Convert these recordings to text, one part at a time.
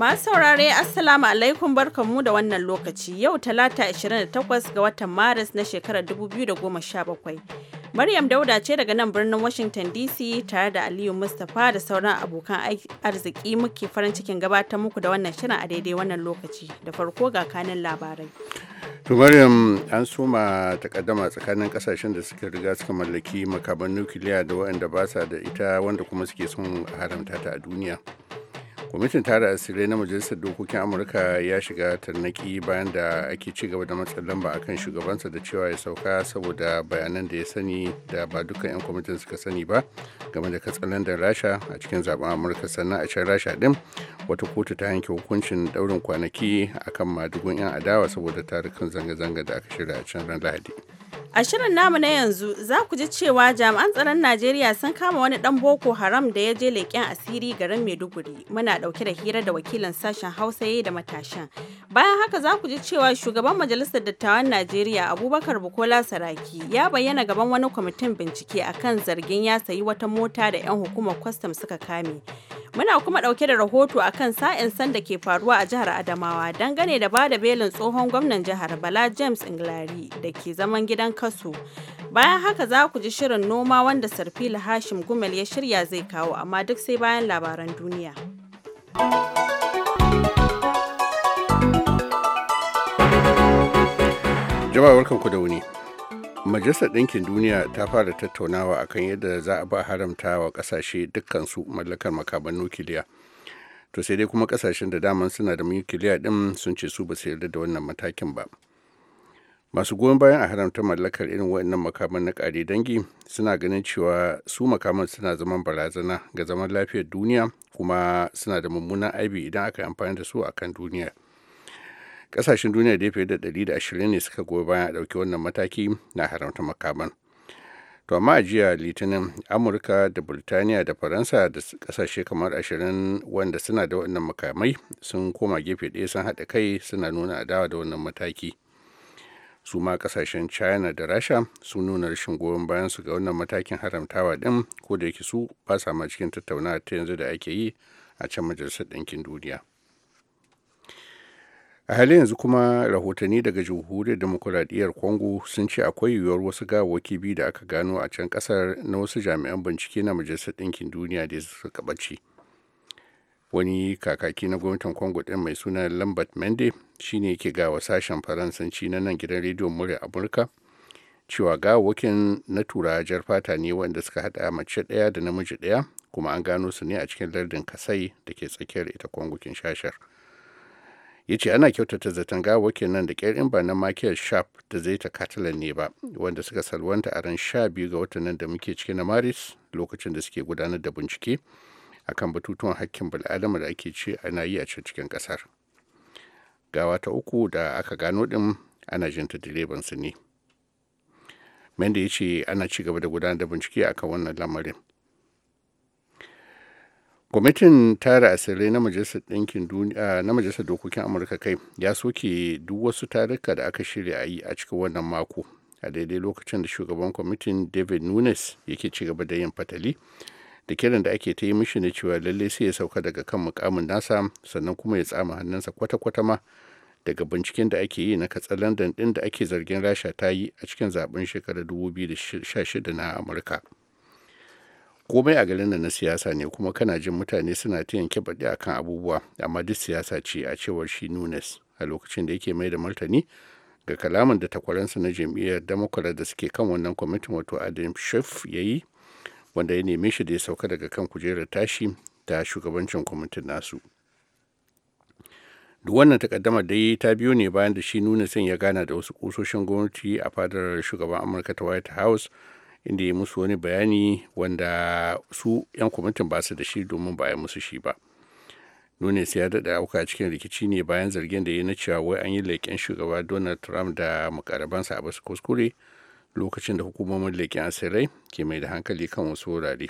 Masu saurare Assalamu alaikum barkanmu da wannan lokaci yau talata 28 ga watan Maris na shekarar 2017. Maryam Dauda ce daga nan birnin Washington DC tare da Aliyu Mustapha da sauran abokan arziki muke farin cikin gabatar muku da wannan shirin a daidai wannan lokaci da farko ga kanin labarai. To Maryam an suma takaddama tsakanin kasashen da suka riga suka mallaki makaman nukiliya da waɗanda ba sa da ita wanda kuma suke son haramta ta a duniya. kwamitin tara asirai na majalisar dokokin amurka ya shiga tarnaki bayan da ake ci gaba da matsin lamba akan shugabansa da cewa ya sauka saboda bayanan da ya sani da ba dukkan 'yan kwamitin suka sani ba game da katsalan da rasha a cikin zaben amurka sannan a can rasha din wata kotu ta yanke hukuncin daurin kwanaki akan madugun 'yan adawa saboda tarukan zanga-zanga da aka shirya a can ran lahadi A shirin namu na yanzu za ku ji cewa jami'an tsaron Najeriya sun kama wani ɗan Boko Haram da ya je leƙen asiri garin Maiduguri. Muna ɗauke da hira da wakilin sashen Hausa yayi da matashan. Bayan haka za ku ji cewa shugaban Majalisar Dattawan Najeriya Abubakar Bukola Saraki ya bayyana gaban wani kwamitin bincike akan zargin ya sayi wata mota da 'yan hukumar kwastam suka kame. Muna kuma ɗauke da rahoto akan sa'in san da ke faruwa a jihar Adamawa dangane da ba da belin tsohon gwamnan jihar Bala James Inglari da ke zaman gidan kaso. Bayan haka za ku ji shirin noma wanda Sarfila Hashim Gumel ya shirya zai kawo amma duk sai bayan labaran duniya. Jama'a ku da wuni. Majalisar Ɗinkin Duniya ta fara tattaunawa akan yadda za a ba haramta wa ƙasashe dukkansu mallakar makaman nukiliya. To sai dai kuma ƙasashen da dama suna da nukiliya ɗin sun ce su ba su yarda da wannan matakin ba. masu goyon bayan a haramta mallakar irin waɗannan makaman na kare dangi suna ganin cewa su makaman suna zaman barazana ga zaman lafiyar duniya kuma suna da mummunan aibi idan aka yi amfani da su a kan duniya ƙasashen duniya da fiye da 120 ne suka goyi bayan a ɗauki wannan mataki na haramta makaman to amma a jiya litinin amurka da burtaniya da faransa da kasashe kamar ashirin wanda suna da waɗannan makamai sun koma gefe ɗaya sun haɗa kai suna nuna adawa da wannan mataki su ma kasashen china da rasha sun nuna rashin goyon bayan su ga wannan matakin haramtawa din ko da yake su ba sa ma cikin tattaunawa ta yanzu da ake yi a can majalisar ɗinkin duniya a halin yanzu kuma rahotanni daga jamhuriyar demokuraɗiyyar congo sun ce akwai yiwuwar wasu gawawwaki biyu da aka gano a can ƙasar na wasu jami'an bincike na majalisar ɗinkin duniya da suka ɓace wani kakaki na gwamnatin congo din mai suna lambert mende shine yake gawa sashen faransanci na nan gidan rediyon murya amurka cewa gawakin na tura jar fata ne wanda suka hada mace daya da namiji daya kuma an gano su ne a cikin lardin kasai da ke tsakiyar ita congo shashar ya ce ana kyautata zaton gawakin nan da kyar in ba na michael sharp da zai ta catalan ne ba wanda suka salwanta a ran sha biyu ga watan nan da muke ciki na maris lokacin da suke gudanar da bincike akan batutuwan hakkin bil'adama da ake ce ana yi a cikin kasar gawa ta uku da aka gano din ana jinta direban su ne da ya ce ana ci gaba da gudanar da bincike akan wannan lamarin kwamitin tara asirai na majalisar ɗinkin duniya ah, na majalisar dokokin amurka kai ya soke duk wasu tarika da aka shirya a yi a cikin wannan mako a daidai lokacin da shugaban kwamitin david nunes yake ci gaba da yin fatali da kiran da ake ta yi mishi ne cewa lalle sai ya sauka daga kan mukamin nasa sannan kuma ya tsama hannunsa kwata-kwata ma daga binciken da ake yi na katsalandan din da ake zargin rasha ta yi a cikin zaben shekarar shida na amurka komai a garin na siyasa ne kuma kana jin mutane suna ta yanke baɗi akan abubuwa amma duk siyasa ce a cewar shi nunes a lokacin da yake mai da martani ga kalamin da takwaransa na jam'iyyar democrat da suke kan wannan kwamitin wato adam shef ya yi wanda ya neme shi da ya sauka daga kan kujerar tashi ta shugabancin kwamitin nasu duk wannan takaddama dai ta biyo ne bayan da shi nuna son ya gana da wasu kusoshin gwamnati a fadar shugaban amurka ta white house inda ya musu wani bayani wanda su 'yan kwamitin ba su da shi domin ba ya musu shi ba nunes ya daɗa auka cikin rikici ne bayan zargin da ya na cewa wai an yi leƙen shugaba donald trump da makarabansa a basu kuskure lokacin da hukumomin leƙen asirai ke mai da hankali kan wasu wurare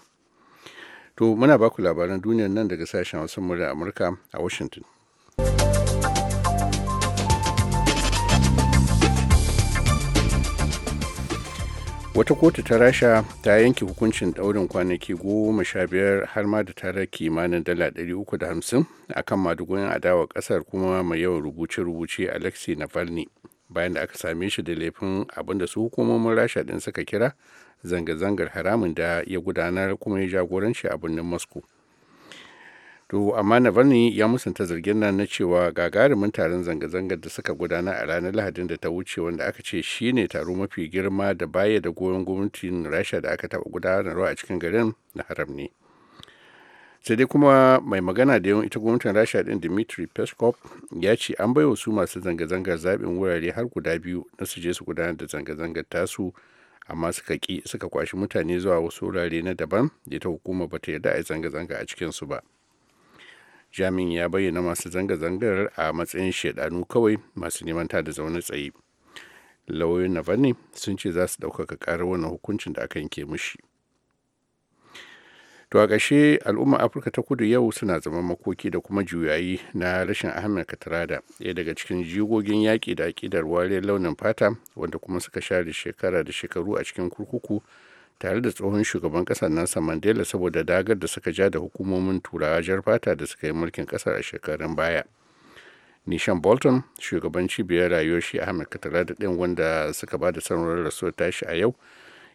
to muna baku labaran duniyar nan daga sashen wasu murya amurka a washington wata kotu ta rasha ta yanke hukuncin ɗaurin kwanaki goma sha biyar har ma da tara kimanin dala ɗari uku hamsin a kan madugoyin adawa ƙasar kuma mai yawan rubuce-rubuce alexei navalny bayan da aka same shi da laifin abin da su hukumomin rasha din suka kira zanga-zangar haramun da ya gudanar kuma ya jagoranci a birnin moscow to amma navalny ya musanta zargin nan na cewa gagarumin taron zanga-zangar da suka gudana a ranar lahadin da ta wuce wanda aka ce shine taro mafi girma da baya da goyon gwamnatin rasha da aka taɓa gudanarwa a cikin garin na haram ne sai dai kuma mai magana da yawan ita gwamnatin rasha din dimitri peskov ya ce an baiwa su masu zanga-zangar zaɓin wurare har guda biyu na su je su gudanar da zanga-zangar tasu amma suka ki suka kwashi mutane zuwa wasu wurare na daban da ta hukuma ba ta yarda a zanga-zanga a cikinsu ba jami'in ya bayyana masu zanga-zangar a matsayin shaidanu kawai masu neman ta da zaune tsaye lauyoyin navalny sun ce za su ɗaukaka ƙarar wannan hukuncin da aka yanke mushi to a ƙashe al'ummar afirka ta kudu yau suna zama makoki da kuma juyayi na rashin ahmed katarada ɗaya daga cikin jigogin yaƙi da aƙidar wariyar launin fata wanda kuma suka share shekara da shekaru a cikin kurkuku tare da tsohon shugaban ƙasar nelson mandela saboda dagar da suka ja da hukumomin turawa jar fata da suka yi mulkin ƙasar a shekarun baya nishan bolton shugaban cibiyar rayuwar shi ahmed katarada ɗin wanda suka ba da sanarwar rasuwar tashi a yau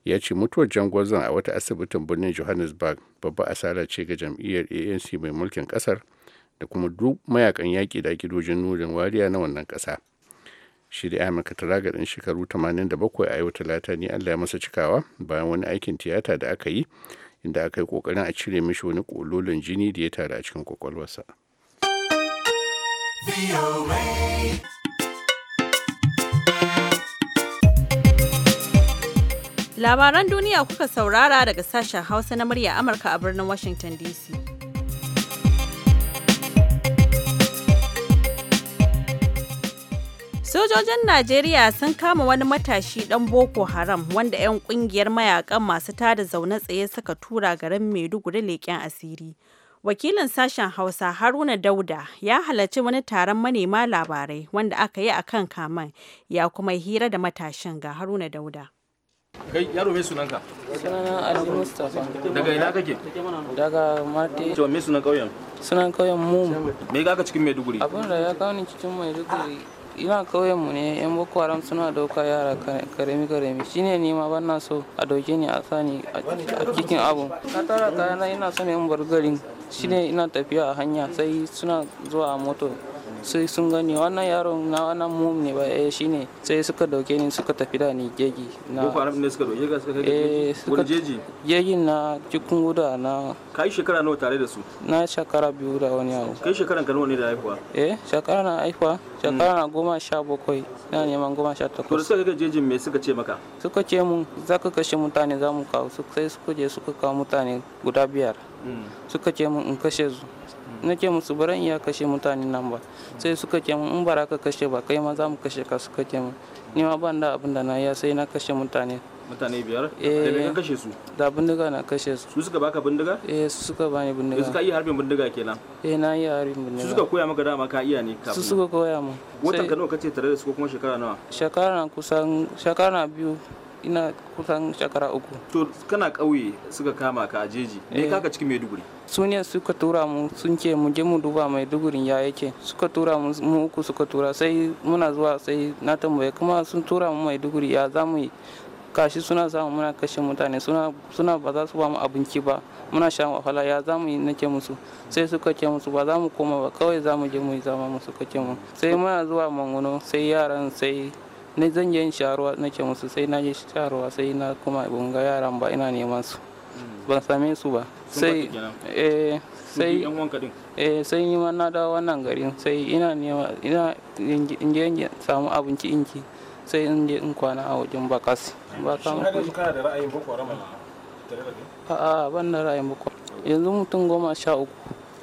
ya ce mutuwar jangwazon a wata asibitin birnin johannesburg babba asara ce ga jam'iyyar anc mai mulkin kasar da kuma duk mayakan yaƙi da gidojin nurin wariya na wannan ƙasa shi da amurka taraga ɗin shekaru 87 a yau talata ne allah ya masa cikawa bayan wani aikin tiyata da aka yi inda aka yi ƙoƙarin a cire mishi wani ƙololin jini da ya tare a cikin kwakwalwarsa. Labaran duniya kuka saurara daga sashen Hausa na murya Amurka a birnin Washington DC. Sojojin Najeriya sun kama wani matashi ɗan Boko Haram wanda 'yan ƙungiyar mayakan masu tada zaune tsaye suka tura garin Maiduguri leƙen asiri. Wakilin sashen Hausa Haruna Dauda ya halarci wani taron manema labarai wanda aka yi a kan kaman ya kuma hira da matashin ga Haruna Dauda. kai yaro mai sunanka sunana ali mustafa. daga ina kake daga mate to me sunan kauyen sunan kauyen mu me ka cikin maiduguri abin da ya kawo ni cikin maiduguri ina kauyen mu ne yan boko haram suna dauka yara karemi karemi shine ne ma ban na so a dauke ni a sani a cikin abu na tara kayana ina son yan bar shine ina tafiya a hanya sai suna zuwa a moto sai sun gani wannan yaron na wannan mum ne ba eh shine sai suka dauke ni suka tafi da ni jeji na boko haram ne suka dauke ka suka kai eh, wani jeji jeji na cikin guda na kai shekara nawa tare da su na shekara biyu da wani yaro kai shekaran ka nawa ne da haihuwa eh shekara na haihuwa shekara na goma sha bakwai na neman goma sha takwas to suka kai jeji me suka ce maka suka ce mun za ka kashe mutane za mu kawo sai suka je suka kawo mutane guda biyar mm. suka ce mun in kashe su na ce musu baran iya kashe mutane nan ba sai suka ce mun bara ka kashe ba kai ma za mu kashe ka suka ce ni ma ban da abin da na ya sai na kashe mutane mutane biyar da me eh. ka kashe su da bindiga na kashe su su suka baka bindiga eh su suka bani bindiga su eh, suka iya harbin bindiga kenan eh na iya harbin bindiga su suka koya maka dama ka iya ne su suka koya mu watan ka nawa kace tare da su ko kuma shekara nawa shekara na kusan shekara na biyu ina kusan shekara uku to kana ƙauye suka kama ka a jeji me eh. kaka cikin maiduguri su ne suka tura mu sun ce mu je mu duba Maiduguri ya yake suka tura mu mu uku suka tura sai muna zuwa sai na tambaye kuma sun tura mu maiduguri ya za mu yi kashi suna samu muna kashe mutane suna ba za su ba mu abinci ba muna shan wahala ya za mu yi nake musu sai suka ce musu ba za mu koma ba kawai za mu je mu yi zama musu suka ce mu sai muna zuwa mangono sai yaran sai ne zan yin sharuwa nake musu sai na yi sharuwa sai na kuma bunga yaran ba ina neman su hmm. ban same su ba sai eh, eh sai eh sai na dawo wannan garin sai ina nema ina in samu abinci inki sai in je in kwana a wajen bakas ba samu mu kana da ra'ayin boko haram a'a ban da ra'ayin boko yanzu mutum goma sha uku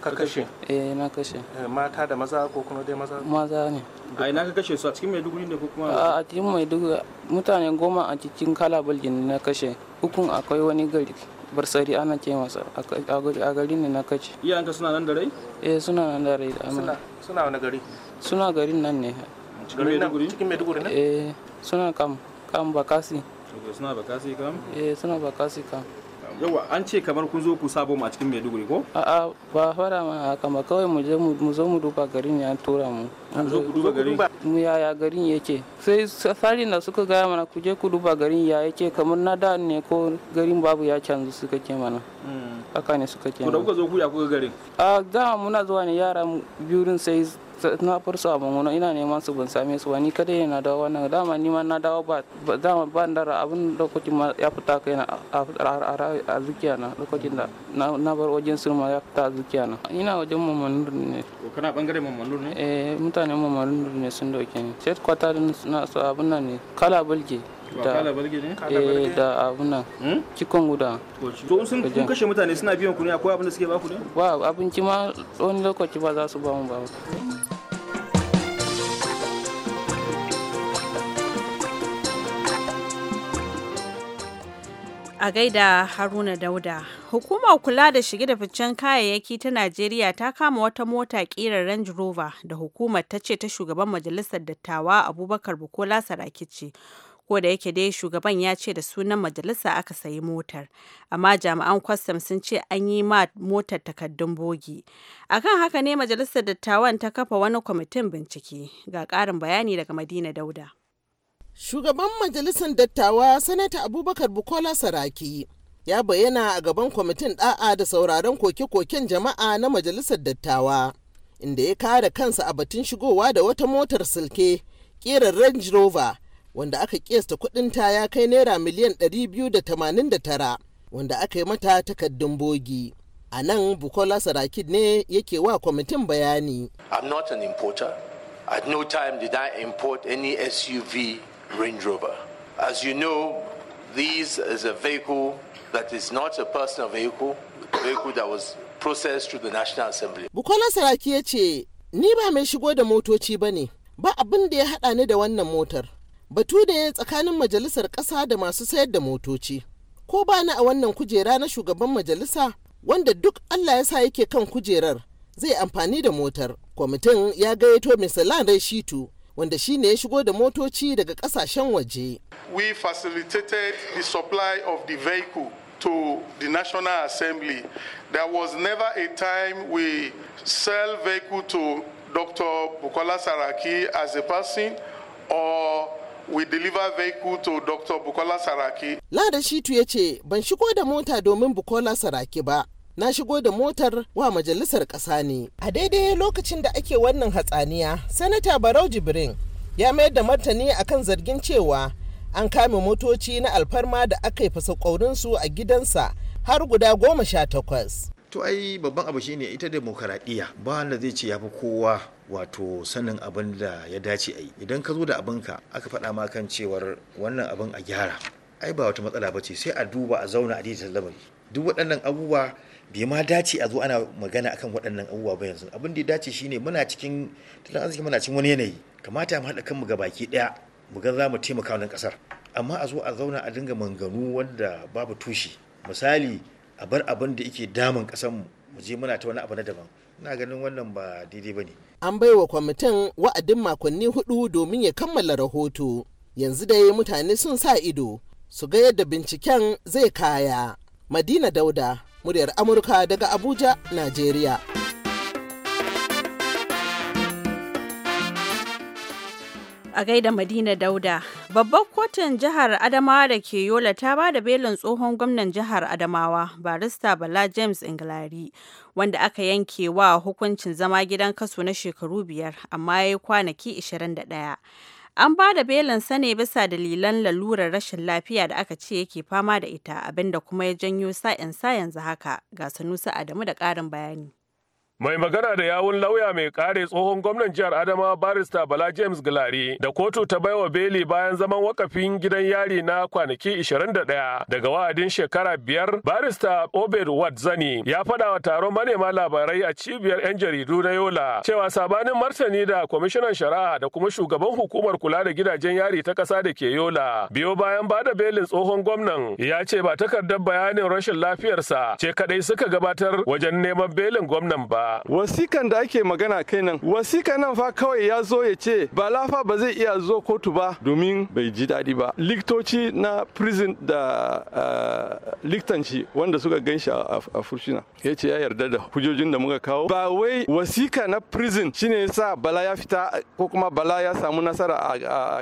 ka kashe eh na kashe eh, mata da maza ko kuma dai maza maza ne a ina ka kashe su a cikin maiduguri ne ko kuma a cikin maiduguri mutane goma a cikin kalabal jini na kashe hukun akwai wani gari barsari ana ce masa a gari ne na kace iyayenka suna nan da rai eh suna nan da rai amma suna wani gari suna garin nan ne cikin maiduguri ne eh suna kam kam bakasi suna bakasi kam eh suna bakasi kam yawa an ce kamar kun zo ku sabo a cikin maiduguri ko a'a ba fara ma haka kama kawai mu je mu zo mu duba garin ya tura mu an zo ku duba garin mu yaya garin yake sai sari na suka gaya mana ku je ku duba garin ya yake kamar na da ne ko garin babu ya canzu suka ke mana hmm. haka ne suka ke mana ku da kuka zo ku ya kuka garin a da muna zuwa ne yara biyu sai na farsu a bangona ina neman su ban same su wani kada ne na dawo wannan dama ni ma na dawo ba dama ba da abin lokacin ma ya fita kai na a zukiya na lokacin da na bar wajen su ma ya fita a zukiya na ina wajen mamanur ne kana bangare mamanur ne eh mutanen mamanur ne sun dauke ni sai kwata na su abin nan ne kala bulge da eh da abun nan hmm? cikon guda to sun kun kashe mutane suna biyan ku ne akwai abin da suke ba ku ne ba abinci ma wani lokaci ba za su ba mu ba a gaida haruna dauda hukumar kula da shige da ficen kayayyaki ta najeriya ta kama wata mota ƙirar range rover da hukumar ta ce ta shugaban majalisar dattawa abubakar bukola Sarakici, ce ko da yake dai shugaban ya ce da sunan majalisa aka sayi motar amma jami'an kwastam sun ce an yi ma motar takaddun bogi akan haka ne majalisar dattawan ta kafa wani kwamitin bincike ga ƙarin bayani daga madina dauda Shugaban Majalisar Dattawa Sanata Abubakar Bukola Saraki ya bayyana a gaban kwamitin ɗa'a da sauraron koke-koken jama'a na Majalisar Dattawa, inda ya kare kansa a batun shigowa da wata motar silke ƙerar Range Rover wanda aka kiyasta kudinta ya kai naira miliyan 289 wanda aka yi mata takardun bogi. A nan Bukola saraki ne yake wa kwamitin bayani. I'm not an importer. At no time did I import any SUV Range Rover. As you know, this is a vehicle that is not a personal vehicle, a vehicle that was processed through the National Assembly. Bukola Saraki ya ce, Ni ba mai shigo da motoci ba ne, ba abin da ya haɗa ni da wannan motar. Batu da ya tsakanin majalisar ƙasa da masu sayar da motoci. Ko ba ni a wannan kujera na shugaban majalisa wanda duk Allah ya sa yake kan kujerar zai amfani da motar. Kwamitin ya gayyato Mr. Lan Shitu wanda shi ne ya shigo da motoci daga kasashen waje. We facilitated the supply of the vehicle to the National Assembly. There was never a time we sell vehicle to Dr. Bukola Saraki as a person or we deliver vehicle to Dr. Bukola Saraki. Lada Shitu ya ce, ban shigo da mota domin Bukola Saraki ba, na shigo da motar wa majalisar ƙasa ne a daidai lokacin da ake wannan hatsaniya sanata barau jibrin ya mayar da martani akan zargin cewa an kame motoci na alfarma da aka yi su a gidansa har guda goma sha takwas to ai babban abu shine ita demokaradiyya ba wanda zai ce ya fi kowa wato sanin abin da ya dace a yi idan ka zo da abinka aka faɗa ma kan cewar wannan abin a gyara ai ba wata matsala ba ce sai a duba a zauna a daidaita lamari duk waɗannan abubuwa bai ma dace a zo ana magana akan waɗannan abubuwa ba yanzu abin da ya dace shine muna cikin tattalin arziki muna cikin wani yanayi kamata mu haɗa kanmu gabaki ɗaya mu ga za mu taimaka wannan ƙasar amma a zo a zauna a dinga manganu wanda babu tushe misali a bar abin da yake damun ƙasar mu mu je muna ta wani abu na daban ina ganin wannan ba daidai ba ne. an wa kwamitin wa'adin makonni hudu domin ya kammala rahoto yanzu dai mutane sun sa ido su ga yadda binciken zai kaya madina dauda muryar amurka daga abuja najeriya a gaida madina dauda babbar kotun jihar adamawa da ke yola ta ba da belin tsohon gwamnan jihar adamawa barista bala james inglari wanda aka yanke wa hukuncin zama gidan kaso na shekaru biyar amma ya yi kwanaki 21 An ba da belin sane bisa dalilan lalurar rashin lafiya da aka ce yake fama da ita abinda kuma ya janyo sa'insa yanzu haka ga Sanusi Adamu da ƙarin bayani. Mai magana da yawun lauya mai kare tsohon gwamnan jihar Adamawa barista Bala James Gilari da kotu ta baiwa beli bayan zaman wakafin gidan yari na kwanaki 21 daga wa'adin shekara biyar barista Obed Zani, ya faɗawa wa taron manema labarai a cibiyar 'yan jaridu na Yola cewa sabanin martani da kwamishinan shari'a da kuma shugaban hukumar kula da gidajen yari ta ƙasa da ke Yola biyo bayan ba da belin tsohon gwamnan ya ce ba takardar bayanin rashin lafiyarsa ce kadai suka gabatar wajen neman belin gwamnan ba. wasikan da ake magana kai nan wasikan nan fa kawai ya zo ya ce ba fa ba zai iya zo kotu ba domin bai ji daɗi ba liktoci na prison da eh, liktanci wanda suka gan shi a furshina ya ce ya yarda da hujojin da muka kawo ba wai wasika na prison shine sa bala ya fita ko kuma bala ya samu nasara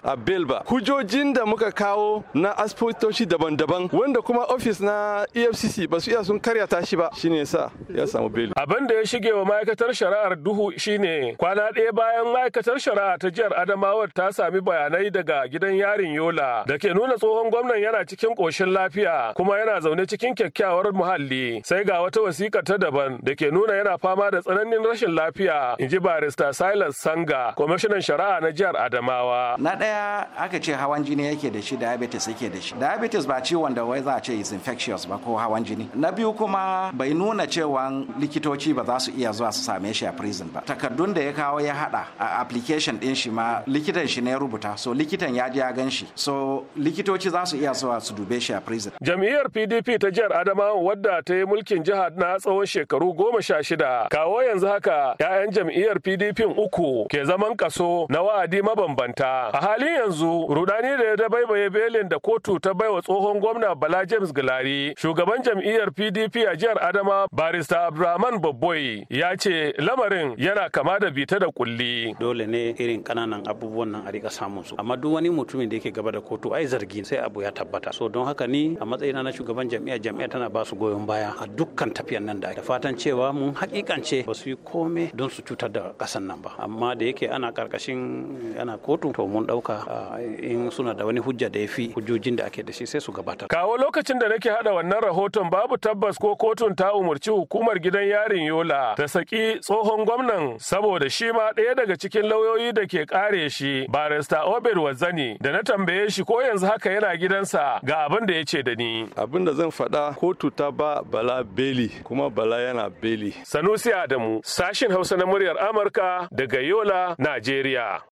a bail ba hujojin da muka kawo na asibitoci daban-daban wanda kuma ofis na efcc ba su iya sun karyata shi ba shine sa ya samu bail abin da ya shige wa ma'aikatar shari'ar duhu shine kwana ɗaya bayan ma'aikatar shari'a ta jihar Adamawar ta sami bayanai daga gidan yarin Yola da ke nuna tsohon gwamnan yana cikin ƙoshin lafiya kuma yana zaune cikin kyakkyawar muhalli sai ga wata wasiƙa ta daban da ke nuna yana fama da tsananin rashin lafiya in ji barista Silas Sanga kwamishinan shari'a na jihar Adamawa. Na ɗaya aka ce hawan jini yake da shi diabetes yake da shi. Diabetes ba ciwon da wai za a ce is infectious ba ko hawan jini. Na biyu kuma bai nuna cewa likitoci ba za su iya zuwa su same shi a prison ba takardun da ya kawo ya hada a application din shi ma likitan shi ne ya rubuta so likitan ya ya gan shi so likitoci za su iya zuwa su dube shi a prison jam'iyyar pdp ta jihar adamawa wadda ta yi mulkin jihar na tsawon shekaru goma sha shida kawo yanzu haka 'ya'yan jam'iyyar pdp uku ke zaman kaso na wa'adi mabambanta a halin yanzu rudani da ya dabaibaye belin da kotu ta baiwa tsohon gwamna bala james gilari shugaban jam'iyyar pdp a jihar adama barista abdulrahman babboi ya ce lamarin yana kama da bita da kulli. Dole ne irin ƙananan abubuwan nan a rika samun su. Amma duk wani mutumin da yake gaba da kotu ai zargi sai abu ya tabbata. So don haka ni a matsayina na shugaban jami'a, jami'a tana ba su goyon baya a dukkan tafiyan nan da da fatan cewa mun hakikance ba su yi komai. don su cutar da kasan nan ba. Amma da yake ana karkashin ana kotu to mun ɗauka in suna da wani hujja da ya fi hujjojin da ake da shi sai su gabatar. Kawo lokacin da nake hada wannan rahoton babu tabbas ko kotun ta umurci hukumar gidan yarin Yola da saki tsohon gwamnan saboda shi ma ɗaya daga cikin lauyoyi da ke kare shi barista Obed Wazani da na tambaye shi ko yanzu haka yana gidansa ga abin da ya ce da ni. Abin da zan faɗa kotu ta ba Bala Beli kuma Bala yana Beli. Sanusi Adamu sashin Hausa na muryar Amurka daga Yola, Najeriya.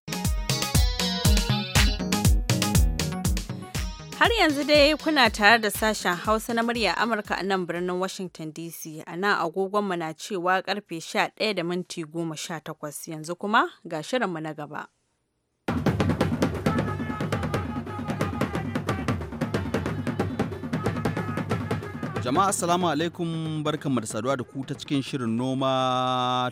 Har yanzu dai kuna tare da sashen Hausa na murya Amurka a nan birnin Washington DC. A nan agogonmu na cewa karfe 11 da minti 18 yanzu kuma ga shirinmu na gaba. Jama'a assalamu alaikum barkanmu da saduwa da ku ta cikin shirin noma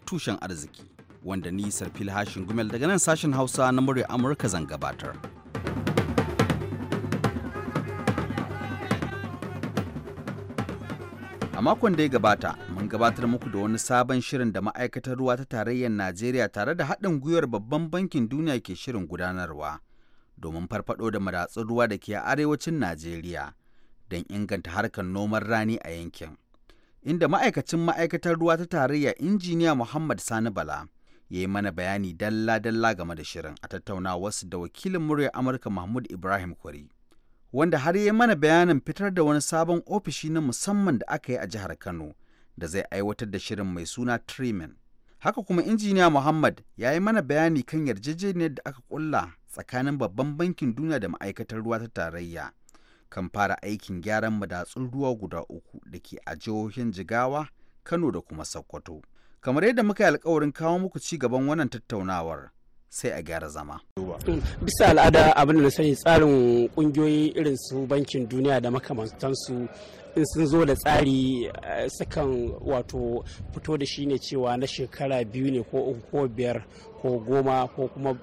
tushen arziki wanda ni Sarfil Hashin Gumel daga nan sashen Hausa na murya Amurka zan gabatar. A makon da ya gabata, mun gabatar muku da wani sabon shirin da ma'aikatar ruwa ta tarayyar Najeriya tare da haɗin gwiwar babban bankin duniya ke shirin gudanarwa domin farfaɗo da madatsun ruwa da ke a arewacin Najeriya don inganta harkar noman rani a yankin. Inda ma'aikacin ma'aikatar ruwa ta tarayya injiniya Muhammad Sani Bala ya yi mana bayani dalla-dalla game da shirin a tattauna wasu da wakilin muryar Amurka Mahmud Ibrahim Kwari. wanda har yi mana bayanin fitar da wani sabon ofishi na musamman da aka yi a jihar Kano da zai aiwatar da shirin mai suna Trimen. Haka kuma injiniya Muhammad ya yi mana bayani kan yarjejeniyar da aka kulla tsakanin babban bankin duniya da ma'aikatar ruwa ta tarayya kan fara aikin gyaran madatsun ruwa guda uku da ke a jihohin Jigawa, Kano da kuma Sokoto. Kamar yadda muka yi alkawarin kawo muku ci gaban wannan tattaunawar, sai a gyara zama. Bisa al'ada abin da na sani tsarin kungiyoyi irin su bankin duniya da makamantansu in sun zo da tsari eh, sukan wato fito da shi ne cewa na shekara biyu ne ko uku ko biyar ko goma ko kuma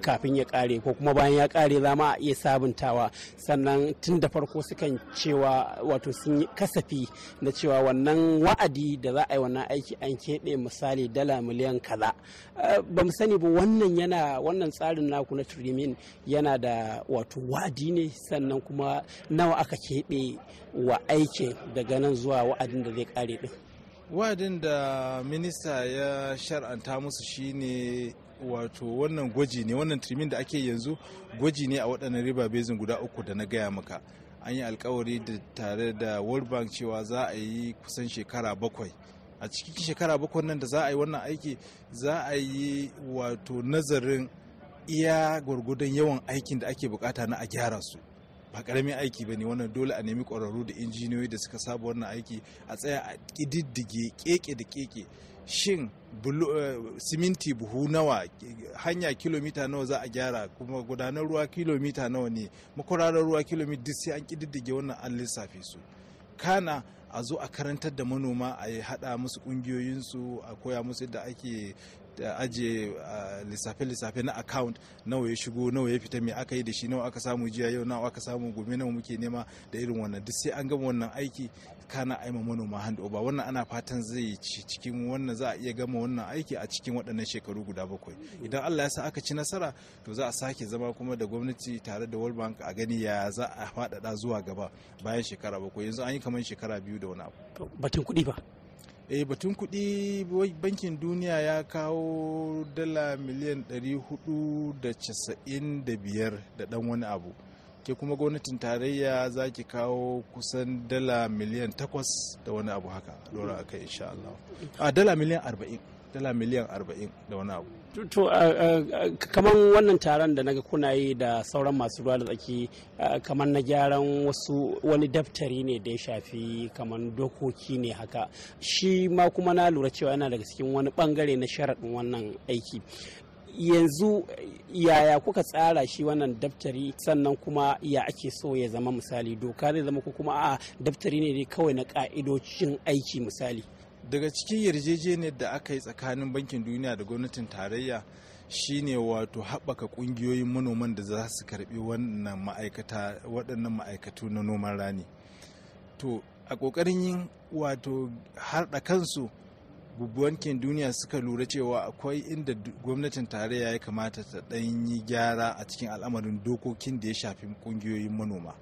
kafin ya kare ko kuma bayan ya kare za ma a iya sabuntawa sannan tun da farko sukan cewa wato sun yi kasafi na cewa wannan wa'adi da za a yi wannan aiki an keɓe misali dala miliyan kaza eh, ba mu sani ba wannan yana wannan tsarin naku na turimin yana da wato wa'adi ne sannan kuma nawa aka keɓe wa aikin daga nan zuwa wa'adin da zai kare din wadin da minista ya shar'anta musu shine wato wannan gwaji ne wannan trimin da ake yanzu gwaji ne a waɗannan riba bezin guda uku da na gaya maka an yi alkawari da tare da world bank cewa za a yi kusan shekara bakwai a cikin shekara bakwai nan da za a yi wannan aiki za a yi wato nazarin iya gwargwadon yawan aikin da ake bukata na a gyara su ba karamin aiki ba ne wannan dole a nemi ƙwararru da injiniyoyi da suka saba wannan aiki a tsaya a ƙididdige keke da keke shin eh, siminti buhu nawa hanya kilomita nawa za a gyara kuma gudanar ruwa kilomita nawa ne makwararar ruwa kilomita duk sai an ƙididdige wannan an lissafe su kana a zo a karantar da manoma a hada musu ƙungiyoyinsu a koya musu yadda ake ajiye lissafe-lissafe na account nawa ya shigo nawa ya fita me aka yi da shi nawa aka samu jiya yau nawa aka samu gobe nawa muke nema da irin wannan duk sai an gama wannan aiki kana aima manoma hand over wannan ana fatan zai ci cikin wannan za a iya gama wannan aiki a cikin waɗannan shekaru guda bakwai idan Allah ya sa aka ci nasara to za a sake zama kuma da gwamnati tare da World Bank a gani ya za a faɗaɗa zuwa gaba bayan shekara bakwai yanzu an yi kamar shekara biyu da wani abu batun kuɗi ba eh batun kuɗi bankin duniya ya kawo dala miliyan 495 da ɗan wani abu ke kuma gwamnatin tarayya za ki kawo kusan dala miliyan 8 da wani abu haka lura a kai insha Allah a dala miliyan 40 dala miliyan 40 da wani abu to uh, uh, kamar wannan taron da naga kuna yi da sauran masu ruwa da tsaki uh, kamar na gyaran wasu wani daftari ne da ya shafi kamar dokoki ne haka shi ma kuma na lura cewa yana daga cikin wani bangare na sharaɗin wannan aiki yanzu yaya kuka tsara shi wannan daftari sannan kuma ya ake so ya zama misali doka zai zama ko kuma a daftari ne kawai na ka'idocin aiki misali daga cikin yarjejeniyar da aka yi tsakanin bankin duniya da gwamnatin tarayya shine wato haɓaka ƙungiyoyin manoman da za su karɓi waɗannan ma'aikatu na noman rani to a ƙoƙarin yin wato harɗa kansu bankin duniya suka lura cewa akwai inda gwamnatin tarayya ya kamata ta ɗan yi gyara a cikin al'amarin dokokin da ya shafi ƙungiyoyin manoma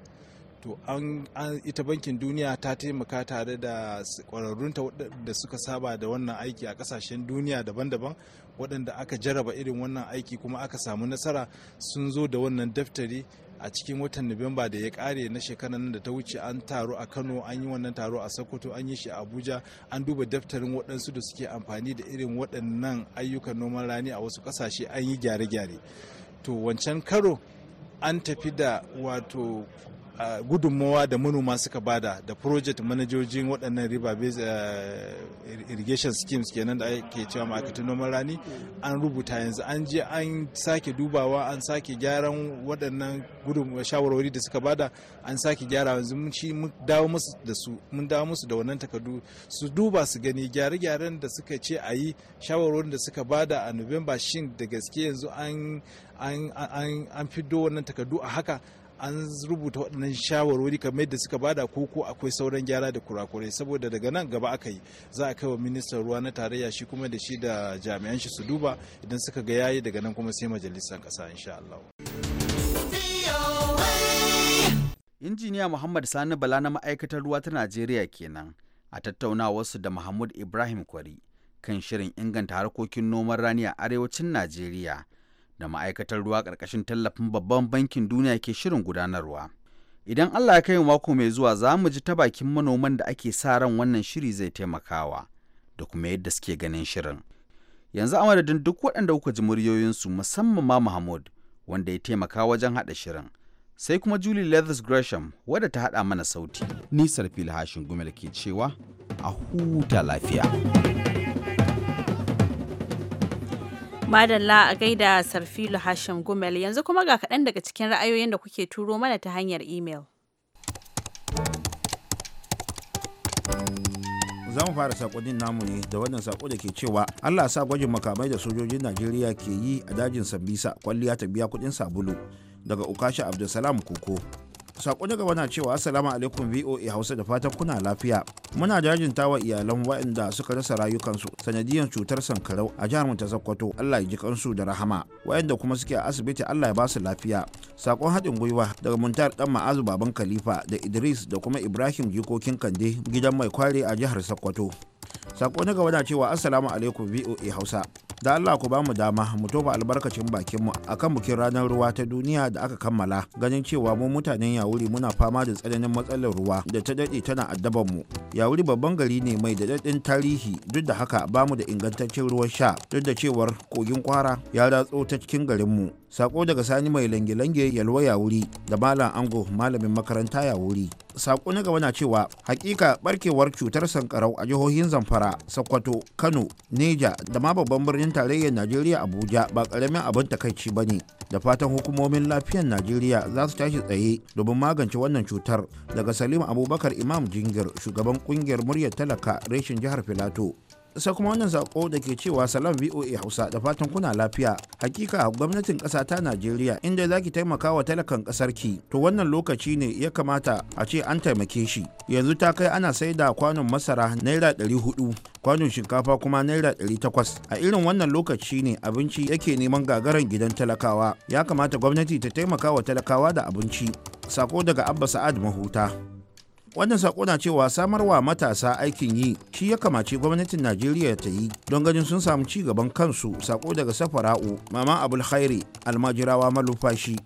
to an ita bankin duniya ta taimaka tare da kwararrunta da suka saba da wannan aiki a kasashen duniya daban-daban waɗanda aka jaraba irin wannan aiki kuma aka samu nasara sun zo da wannan daftari a cikin watan nuwamba da ya kare na shekarar nan da ta wuce an taro a kano an yi wannan taro a sokoto an yi shi a abuja an duba daftarin waɗansu da suke amfani da irin waɗannan ayyukan noman rani a wasu ƙasashe an yi gyare-gyare to wancan karo an tafi da wato gudunmowa da manoma suka bada da project manajojin waɗannan river based eh, irrigation schemes kenan da ake cewa ma'aikatan noman rani an rubuta yanzu an je an sake dubawa an sake gyaran waɗannan gudun shawarwari da suka bada an sake gyara yanzu mun shi mun dawo musu da su mun dawo musu da wannan takardu su duba su gani gyare-gyaren da suka ce a yi shawarwarin da suka bada a November shin da gaske yanzu an an an fiddo wannan takardu a haka an rubuta waɗannan shawarwari kamar yadda suka bada ko ko akwai sauran gyara da kurakurai saboda daga nan gaba aka yi za a kai wa ministan ruwa na tarayya shi kuma da shi da jami'an shi su duba idan suka ga yayi daga nan kuma sai majalisar ƙasa insha Allah. Injiniya Muhammad Sani Bala na ma'aikatar ruwa ta Najeriya kenan a tattaunawarsu da Mahmud Ibrahim Kwari kan shirin inganta harkokin noman rani a arewacin Najeriya. da ma'aikatar ruwa ƙarƙashin tallafin babban bankin duniya ke shirin gudanarwa. Idan Allah ya kai mako mai zuwa za mu ji ta bakin manoman da ake sa ran wannan shiri zai taimakawa da kuma yadda suke ganin shirin. Yanzu a madadin duk waɗanda kuka ji muryoyinsu musamman ma Mahmud wanda ya taimaka wajen haɗa shirin. Sai kuma Julie Leathers Gresham wadda ta haɗa mana sauti. Nisar filhashin gumel ke cewa a huta lafiya. Madalla a gaida Sarfilu Hashim Gumel yanzu kuma ga kaɗan daga cikin ra'ayoyin da kuke turo mana ta hanyar imel. za mu fara sakonin namu ne da wannan sako da ke cewa Allah sa gwajin makamai da sojojin Najeriya ke yi a dajin Sambisa kwalliya ta biya kudin sabulu daga Ukasha Abdulsalam Koko sako na gaba na cewa assalamu alaikum voa hausa da fatan kuna lafiya muna jajinta wa iyalan waɗanda suka rasa rayukansu sanadiyar cutar sankarau a jihar ta sokoto allah ya ji kansu da rahama waɗanda kuma suke a asibiti allah ya ba su lafiya sakon haɗin gwiwa daga muntar dan ma'azu baban khalifa da idris da kuma ibrahim jikokin kande gidan mai kware a jihar sokoto sako na gaba na cewa assalamu alaikum voa hausa da Allah ku ba mu dama mu tofa albarkacin bakinmu akan bikin ranar ruwa ta duniya da aka kammala ganin cewa mu mutanen Yawuri muna fama da tsananin matsalar ruwa da ta dade tana addaban mu. Yawuri babban gari ne mai daɗaɗɗin tarihi duk da haka ba mu da ingantaccen ruwan sha duk da cewar kogin kwara ya ratso ta cikin garin mu. Sako daga Sani mai lange-lange yalwa Yawuri da Malam Ango malamin makaranta Yawuri. saƙo na gaba na cewa hakika barkewar cutar sankarau a jihohin zamfara sokoto kano neja da ma babban birnin tarayyar najeriya abuja ba ƙaramin abin takaici ba ne da fatan hukumomin lafiyar najeriya za su tashi tsaye domin magance wannan cutar daga salim abubakar imam jingir shugaban kungiyar muryar talaka reshen jihar filato sai kuma wannan sako da ke cewa salam voa hausa da fatan kuna lafiya hakika gwamnatin ƙasa ta najeriya inda za ki taimaka wa talakan ƙasar ki to wannan lokaci ne ya kamata a ce an taimake shi yanzu ta kai ana sai da kwanon masara naira ɗari hudu kwanon shinkafa kuma naira ɗari takwas a irin wannan lokaci ne abinci yake neman gagaran gidan talakawa ya kamata gwamnati ta taimaka wa talakawa da abinci sako daga abba sa'ad mahuta wannan sako na cewa samar wa matasa aikin yi shi ya kamace gwamnatin najeriya ta yi don ganin sun samu ci gaban kansu sako daga safara'u mama abul khairi almajirawa malufashi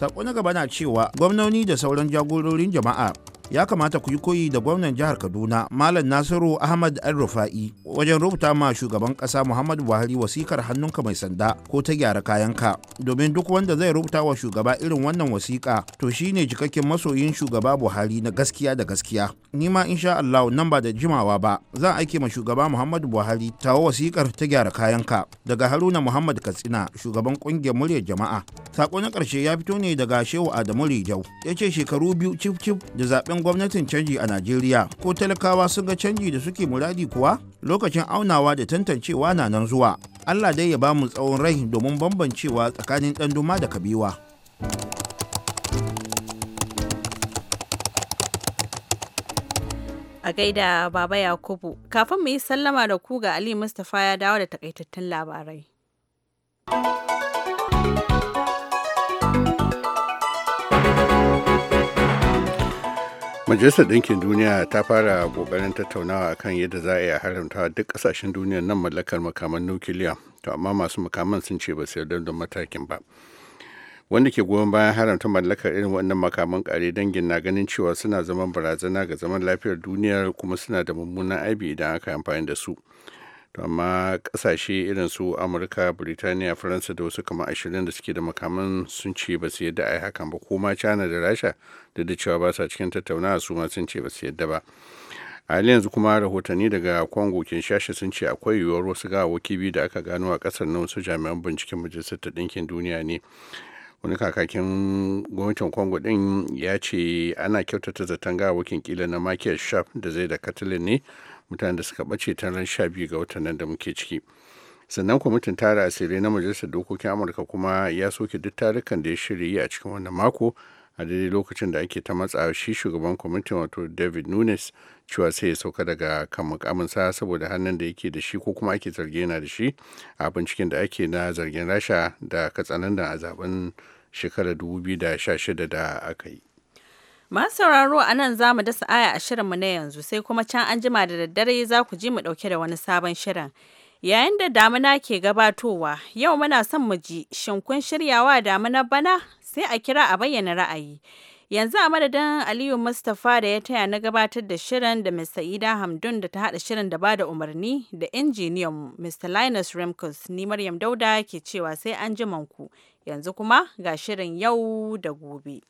sako na gaba na cewa gwamnoni da sauran jagororin jama'a ya kamata ku yi koyi da gwamnan jihar kaduna malam nasiru ahmad al rufa'i wajen rubuta ma shugaban kasa muhammadu buhari wasikar hannunka mai sanda ko ta gyara kayanka domin duk wanda zai rubuta wa shugaba irin wannan wasika to shine cikakken masoyin shugaba buhari na gaskiya da gaskiya ni ma insha allahu nan ba da jimawa ba zan aike ma shugaba muhammadu buhari tawa wasikar ta gyara kayanka daga haruna muhammad katsina shugaban kungiyar muryar jama'a sako na karshe ya fito ne daga shehu adamu rijau ya ce shekaru biyu cif cif da zaben tsakanin gwamnatin canji a najeriya ko talakawa sun ga canji da suke muradi kuwa lokacin aunawa da tantancewa na nan zuwa allah dai ya ba mu tsawon rai domin bambancewa tsakanin ɗanduma da kabewa a gaida baba yakubu kafin mu yi sallama da ku ga ali mustapha ya dawo da takaitattun labarai majalisar ɗinkin duniya ta fara ƙoƙarin tattaunawa kan yadda za a iya haramta duk ƙasashen duniya nan mallakar makaman nukiliya to amma masu makaman sun ce ba su yarda da matakin ba wanda ke goyon bayan haramta mallakar irin wannan makaman kare dangin na ganin cewa suna zaman barazana ga zaman lafiyar duniyar kuma suna da mummunan aibi idan aka amfani da su amma kasashe irin su amurka birtaniya faransa da wasu kama ashirin da suke da makaman sun ce ba su yadda a yi hakan ba kuma china da rasha da da cewa ba sa cikin tattaunawa su ma sun ce ba su yadda ba a yanzu kuma rahotanni daga congo kinshasa sun ce akwai yiwuwar wasu gawawwaki biyu da aka gano a kasar na wasu jami'an binciken majalisar ta ɗinkin duniya ne wani kakakin gwamnatin congo din ya ce ana kyautata zaton gawawakin kila na makiyar shaf da zai da katilin ne mutanen da suka ɓace ta ran biyu ga watan da muke ciki sannan kwamitin tara asirai na majalisar dokokin amurka kuma ya soke duk tarukan da ya shirya yi a cikin wannan mako a daidai lokacin da ake ta matsa shi shugaban kwamitin wato david nunes cewa sai ya sauka daga kan mukaminsa saboda hannun da yake da shi ko kuma ake zargi yana da shi a binciken da ake na zargin rasha da katsalandan a zaben shekarar 2016 da aka yi Masu sauraro a nan za mu dasa aya a shirinmu na yanzu sai kuma can anjima da daddare za ku ji mu ɗauke da wani sabon shirin. Yayin da damuna ke gabatowa, yau muna son mu ji shin kun shiryawa damuna bana sai a kira a bayyana ra'ayi. Yanzu a madadin Aliyu Mustapha da ya taya na gabatar da shirin da Mr. Ida Hamdun da ta haɗa shirin da bada umarni da injiniyan Mr. Linus Remkus ni Maryam Dauda ke cewa sai an ku. Yanzu kuma ga shirin yau da gobe.